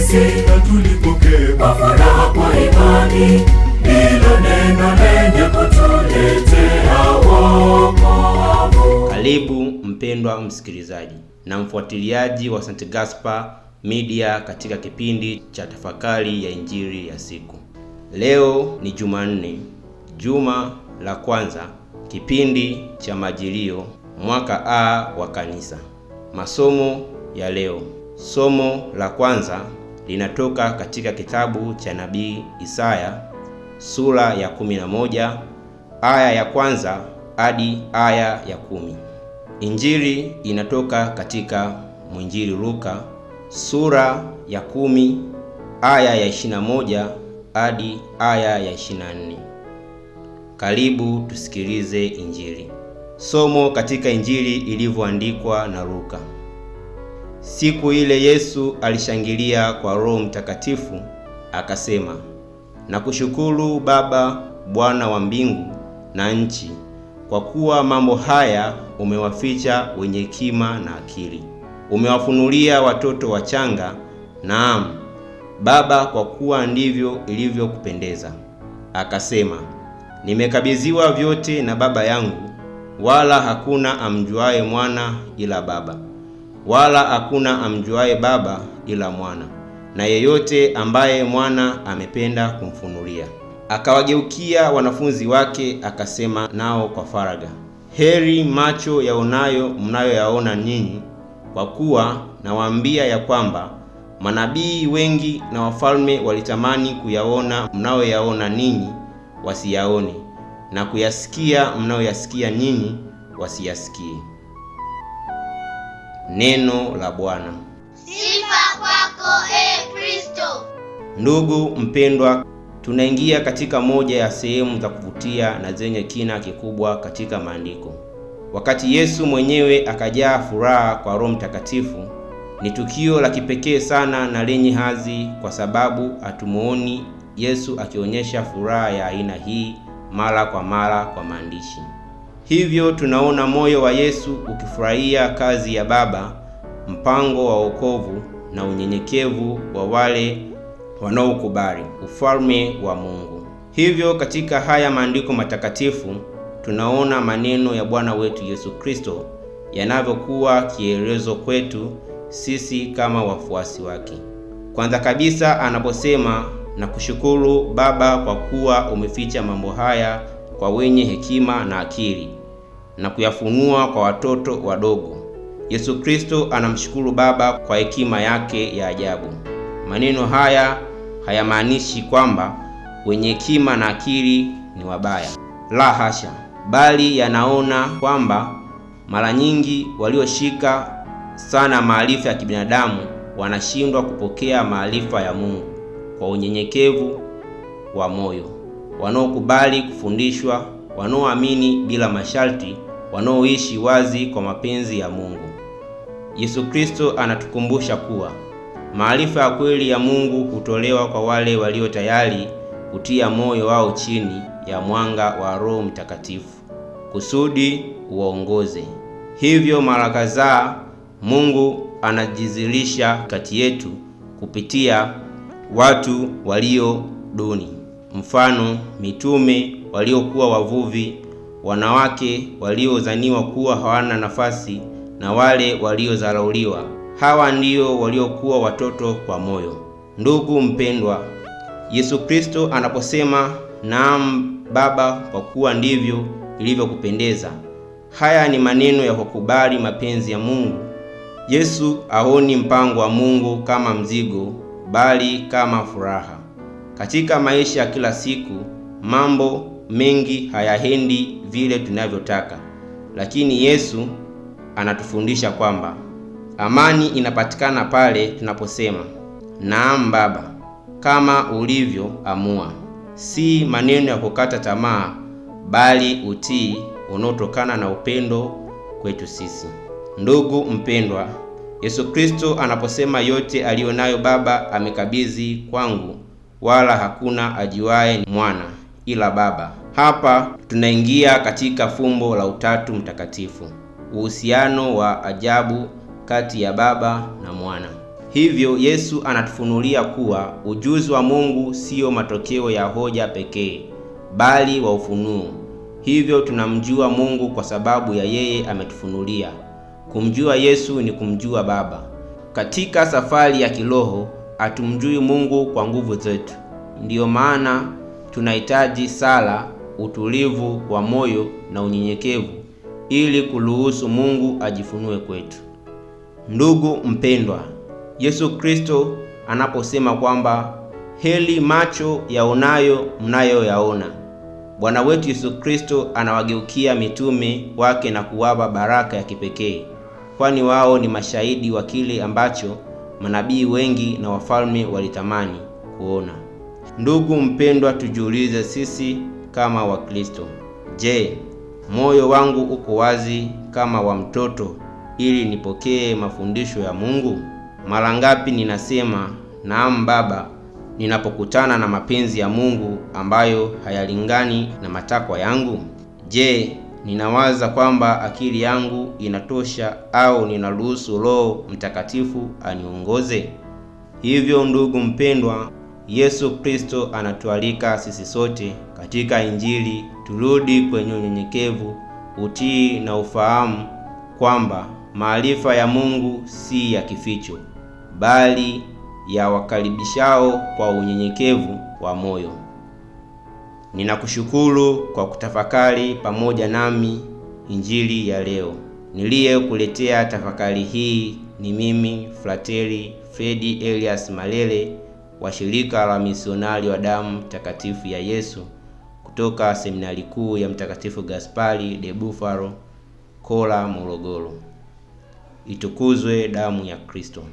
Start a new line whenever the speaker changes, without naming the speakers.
sisi na tulipokea kwa furaha kwa imani, hilo neno lenye kutuletea wokovu. Karibu mpendwa msikilizaji na mfuatiliaji wa St. Gaspar Media katika kipindi cha tafakari ya injili ya siku. Leo ni Jumanne, juma la kwanza, kipindi cha Majilio, mwaka A wa Kanisa. Masomo ya leo, somo la kwanza linatoka katika kitabu cha nabii Isaya sura ya 11 aya ya kwanza hadi aya ya kumi. Injili inatoka katika mwinjili Luka sura ya kumi aya ya 21 hadi aya ya 24. Karibu tusikilize Injili. Somo katika Injili ilivyoandikwa na Luka. Siku ile Yesu alishangilia kwa Roho Mtakatifu akasema, nakushukuru Baba, Bwana wa mbingu na nchi, kwa kuwa mambo haya umewaficha wenye hekima na akili, umewafunulia watoto wachanga. Naam Baba, kwa kuwa ndivyo ilivyokupendeza. Akasema, nimekabidhiwa vyote na Baba yangu, wala hakuna amjuaye mwana ila Baba wala hakuna amjuaye Baba ila Mwana, na yeyote ambaye Mwana amependa kumfunulia. Akawageukia wanafunzi wake akasema nao kwa faraga heri macho yaonayo mnayoyaona nyinyi, kwa kuwa nawaambia ya kwamba manabii wengi na wafalme walitamani kuyaona mnayoyaona ninyi wasiyaone, na kuyasikia mnayoyasikia nyinyi wasiyasikie. Neno la Bwana.
Sifa kwako e Kristo.
Ndugu mpendwa, tunaingia katika moja ya sehemu za kuvutia na zenye kina kikubwa katika maandiko. Wakati Yesu mwenyewe akajaa furaha kwa Roho Mtakatifu, ni tukio la kipekee sana na lenye hadhi, kwa sababu hatumuoni Yesu akionyesha furaha ya aina hii mara kwa mara kwa maandishi. Hivyo tunaona moyo wa Yesu ukifurahia kazi ya Baba, mpango wa wokovu na unyenyekevu wa wale wanaokubali ufalme wa Mungu. Hivyo katika haya maandiko matakatifu tunaona maneno ya Bwana wetu Yesu Kristo yanavyokuwa kielezo kwetu sisi kama wafuasi wake. Kwanza kabisa anaposema, na kushukuru Baba kwa kuwa umeficha mambo haya kwa wenye hekima na akili na kuyafunua kwa watoto wadogo. Yesu Kristo anamshukuru Baba kwa hekima yake ya ajabu. Maneno haya hayamaanishi kwamba wenye hekima na akili ni wabaya, la hasha, bali yanaona kwamba mara nyingi walioshika sana maarifa ya kibinadamu wanashindwa kupokea maarifa ya Mungu kwa unyenyekevu wa moyo wanaokubali kufundishwa, wanaoamini bila masharti, wanaoishi wazi kwa mapenzi ya Mungu. Yesu Kristo anatukumbusha kuwa maarifa ya kweli ya Mungu hutolewa kwa wale walio tayari kutia moyo wao chini ya mwanga wa Roho Mtakatifu kusudi uwaongoze. Hivyo mara kadhaa Mungu anajizilisha kati yetu kupitia watu walio duni mfano mitume waliokuwa wavuvi, wanawake waliozaniwa kuwa hawana nafasi na wale waliozalauliwa Hawa ndio waliokuwa watoto kwa moyo. Ndugu mpendwa, Yesu Kristo anaposema naam Baba, kwa kuwa ndivyo ilivyokupendeza, haya ni maneno ya kukubali mapenzi ya Mungu. Yesu aoni mpango wa Mungu kama mzigo, bali kama furaha. Katika maisha ya kila siku mambo mengi hayaendi vile tunavyotaka, lakini Yesu anatufundisha kwamba amani inapatikana pale tunaposema naam Baba, kama ulivyoamua. Si maneno ya kukata tamaa, bali utii unaotokana na upendo kwetu sisi. Ndugu mpendwa, Yesu Kristo anaposema yote aliyonayo Baba amekabidhi kwangu wala hakuna ajuaye mwana ila Baba. Hapa tunaingia katika fumbo la Utatu Mtakatifu, uhusiano wa ajabu kati ya Baba na Mwana. Hivyo Yesu anatufunulia kuwa ujuzi wa Mungu siyo matokeo ya hoja pekee, bali wa ufunuo. Hivyo tunamjua Mungu kwa sababu ya yeye ametufunulia. Kumjua Yesu ni kumjua Baba. Katika safari ya kiroho hatumjui Mungu kwa nguvu zetu. Ndiyo maana tunahitaji sala, utulivu wa moyo na unyenyekevu ili kuruhusu Mungu ajifunue kwetu. Ndugu mpendwa, Yesu Kristo anaposema kwamba heli macho yaonayo mnayoyaona, Bwana wetu Yesu Kristo anawageukia mitume wake na kuwapa baraka ya kipekee, kwani wao ni mashahidi wa kile ambacho manabii wengi na wafalme walitamani kuona. Ndugu mpendwa, tujiulize sisi kama Wakristo, je, moyo wangu uko wazi kama wa mtoto ili nipokee mafundisho ya Mungu? Mara ngapi ninasema naam Baba ninapokutana na mapenzi ya Mungu ambayo hayalingani na matakwa yangu? Je, ninawaza kwamba akili yangu inatosha au ninaruhusu Roho Mtakatifu aniongoze? Hivyo ndugu mpendwa, Yesu Kristo anatualika sisi sote katika Injili turudi kwenye unyenyekevu, utii na ufahamu kwamba maarifa ya Mungu si ya kificho, bali ya wakaribishao kwa unyenyekevu wa moyo. Ninakushukuru kwa kutafakari pamoja nami injili ya leo. Niliyekuletea tafakari hii ni mimi Frateli Fredi Elias Malele wa shirika la misionari wa damu takatifu ya Yesu kutoka seminari kuu ya Mtakatifu Gaspari de Bufalo, Kola, Morogoro. Itukuzwe damu ya Kristo!